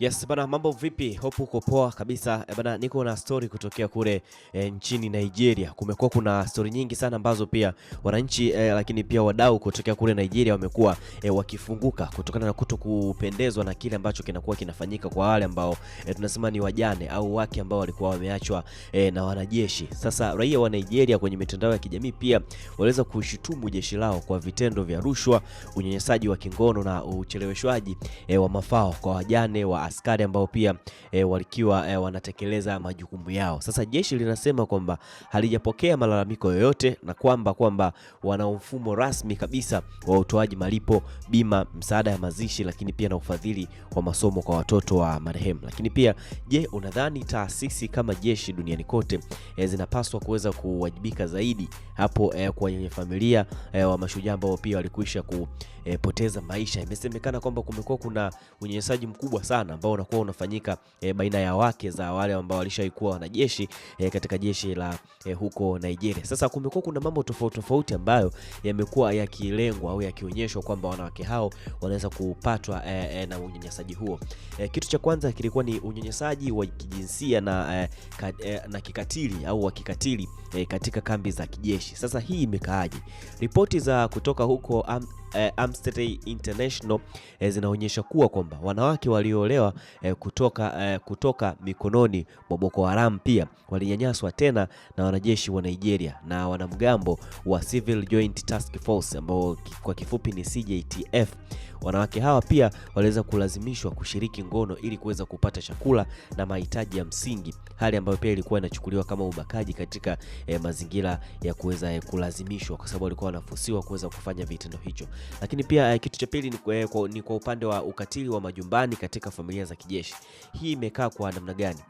Yes bana, mambo vipi? Hope uko poa kabisa. E bana, niko na story kutokea kule e, nchini Nigeria. Kumekuwa kuna story nyingi sana ambazo pia wananchi e, lakini pia wadau kutokea kule Nigeria wamekuwa e, wakifunguka kutokana na kuto kupendezwa na kile ambacho kinakuwa kinafanyika kwa wale ambao e, tunasema ni wajane au wake ambao walikuwa wameachwa e, na wanajeshi. Sasa raia wa Nigeria kwenye mitandao ya kijamii pia waliweza kushutumu jeshi lao kwa vitendo vya rushwa, unyanyasaji wa kingono na ucheleweshwaji e, wa mafao kwa wajane wa askari ambao pia e, walikiwa e, wanatekeleza majukumu yao. Sasa jeshi linasema kwamba halijapokea malalamiko yoyote na kwamba kwamba wana mfumo rasmi kabisa wa utoaji malipo, bima, msaada ya mazishi, lakini pia na ufadhili wa masomo kwa watoto wa marehemu. Lakini pia je, unadhani taasisi kama jeshi duniani kote e, zinapaswa kuweza kuwajibika zaidi hapo e, kwa familia e, wa mashujaa ambao pia walikwisha kupoteza maisha? Imesemekana kwamba kumekuwa kuna unyanyasaji mkubwa sana ambao unakuwa unafanyika e, baina ya wake za wale ambao walishaikuwa wanajeshi e, katika jeshi la e, huko Nigeria. Sasa kumekuwa kuna mambo tofauti tofauti ambayo yamekuwa yakilengwa au yakionyeshwa kwamba wanawake hao wanaweza kupatwa e, e, na unyanyasaji huo. E, kitu cha kwanza kilikuwa ni unyanyasaji wa kijinsia na, e, ka, e, na kikatili au wa kikatili e, katika kambi za kijeshi. Sasa hii imekaaje? Ripoti za kutoka huko am, eh, Amsterdam International eh, zinaonyesha kuwa kwamba wanawake walioolewa eh, kutoka, eh, kutoka mikononi mwa Boko Haram pia walinyanyaswa tena na wanajeshi wa Nigeria na wanamgambo wa Civil Joint Task Force ambao kwa kifupi ni CJTF. Wanawake hawa pia waliweza kulazimishwa kushiriki ngono ili kuweza kupata chakula na mahitaji ya msingi, hali ambayo pia ilikuwa inachukuliwa kama ubakaji katika eh, mazingira ya kuweza eh, kulazimishwa, kwa sababu walikuwa wanafusiwa kuweza kufanya vitendo hicho. Lakini pia eh, kitu cha pili ni, eh, ni kwa upande wa ukatili wa majumbani katika familia za kijeshi. Hii imekaa kwa namna gani?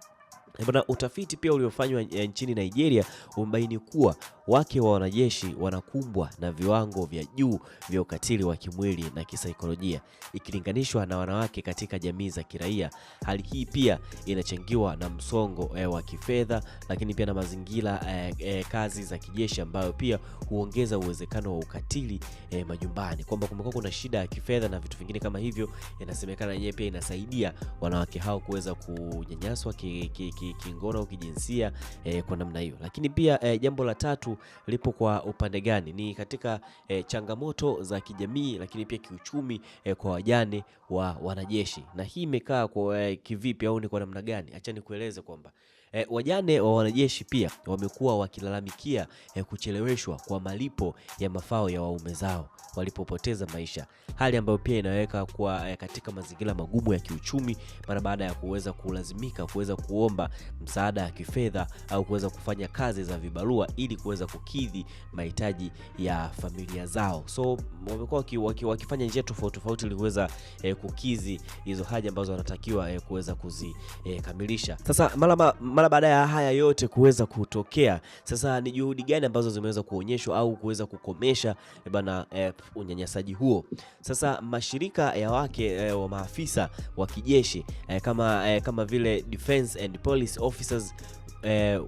Bwana, utafiti pia uliofanywa eh, nchini Nigeria umebaini kuwa wake wa wanajeshi wanakumbwa na viwango vya juu vya ukatili wa kimwili na kisaikolojia ikilinganishwa na wanawake katika jamii za kiraia. Hali hii pia inachangiwa na msongo eh, wa kifedha, lakini pia na mazingira eh, eh, kazi za kijeshi ambayo pia huongeza uwezekano wa ukatili eh, majumbani, kwamba kumekuwa kuna shida ya kifedha na vitu vingine kama hivyo. Inasemekana yenyewe pia inasaidia wanawake hao kuweza kunyanyaswa kingono ki, ki, ki, au kijinsia eh, kwa namna hiyo. Lakini pia eh, jambo la tatu lipo kwa upande gani? Ni katika e, changamoto za kijamii, lakini pia kiuchumi e, kwa wajane wa wanajeshi, na hii imekaa kwa e, kivipi au ni kwa namna gani? Acha nikueleze kwamba E, wajane wa wanajeshi pia wamekuwa wakilalamikia e, kucheleweshwa kwa malipo ya mafao ya waume zao walipopoteza maisha, hali ambayo pia inaweka kuwa e, eh, katika mazingira magumu ya kiuchumi mara baada ya kuweza kulazimika kuweza kuomba msaada wa kifedha au kuweza kufanya kazi za vibarua ili kuweza kukidhi mahitaji ya familia zao. So wamekuwa waki, wakifanya njia tofauti tofauti ili kuweza e, kukidhi hizo haja ambazo wanatakiwa e, kuweza kuzikamilisha e, sasa mara mara baada ya haya yote kuweza kutokea, sasa ni juhudi gani ambazo zimeweza kuonyeshwa au kuweza kukomesha eh, bana eh, unyanyasaji huo? Sasa mashirika eh, ya wake eh, wa maafisa wa kijeshi eh, kama, eh, kama vile Defense and Police Officers eh,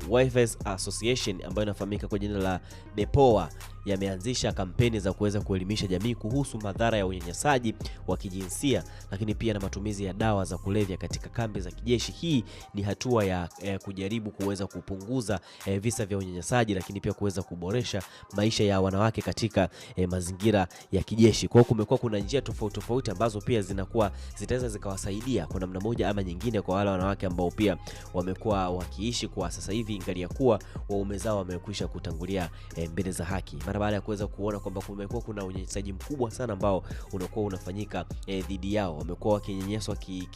Association ambayo inafahamika kwa jina la DEPOA yameanzisha kampeni za kuweza kuelimisha jamii kuhusu madhara ya unyanyasaji wa kijinsia, lakini pia na matumizi ya dawa za kulevya katika kambi za kijeshi. Hii ni hatua ya eh, kujaribu kuweza kupunguza eh, visa vya unyanyasaji, lakini pia kuweza kuboresha maisha ya wanawake katika eh, mazingira ya kijeshi. Kwa hiyo kumekuwa kuna njia tofauti tofauti ambazo pia zinakuwa zitaweza zikawasaidia kwa namna moja ama nyingine kwa wale wanawake ambao pia wamekuwa wakiishi kwa sasa hivi ingalia kuwa waume zao wamekwisha kutangulia eh, mbele za haki mara baada ya kuweza kuona kwamba kumekuwa kuna unyanyasaji mkubwa sana ambao unakuwa unafanyika eh, dhidi yao. Wamekuwa wakinyanyaswa kijinsia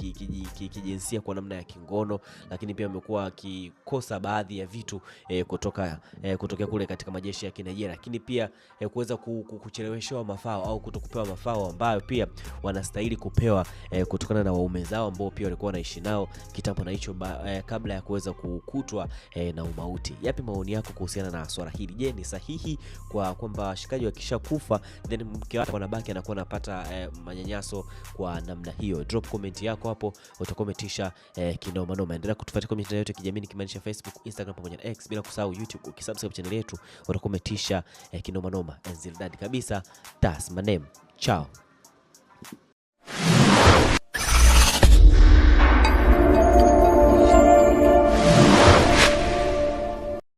ki, ki, ki, ki, kwa namna ya kingono, lakini pia wamekuwa wakikosa baadhi ya vitu eh, kutoka eh, kutokea kule katika majeshi ya Kinigeria, lakini pia eh, kuweza kucheleweshewa mafao au kutokupewa mafao ambayo pia wanastahili kupewa eh, kutokana na waume zao ambao pia walikuwa wanaishi nao kitambo na hicho eh, kabla ya kuweza kukutwa eh, na umauti. Yapi maoni yako kuhusiana na swala hili? Je, ni sahihi kwa kuelewa kwamba washikaji wakishakufa then mke wake anabaki anakuwa anapata eh, manyanyaso kwa namna hiyo. Drop comment yako hapo, utakuwa umetisha eh, kinoma noma. Endelea kutufuatia kwa mitandao yote ya kijamii nikimaanisha Facebook, Instagram pamoja na X, bila kusahau YouTube. Ukisubscribe channel yetu utakuwa umetisha eh, kinoma noma. Enzildad kabisa, tas manem chao.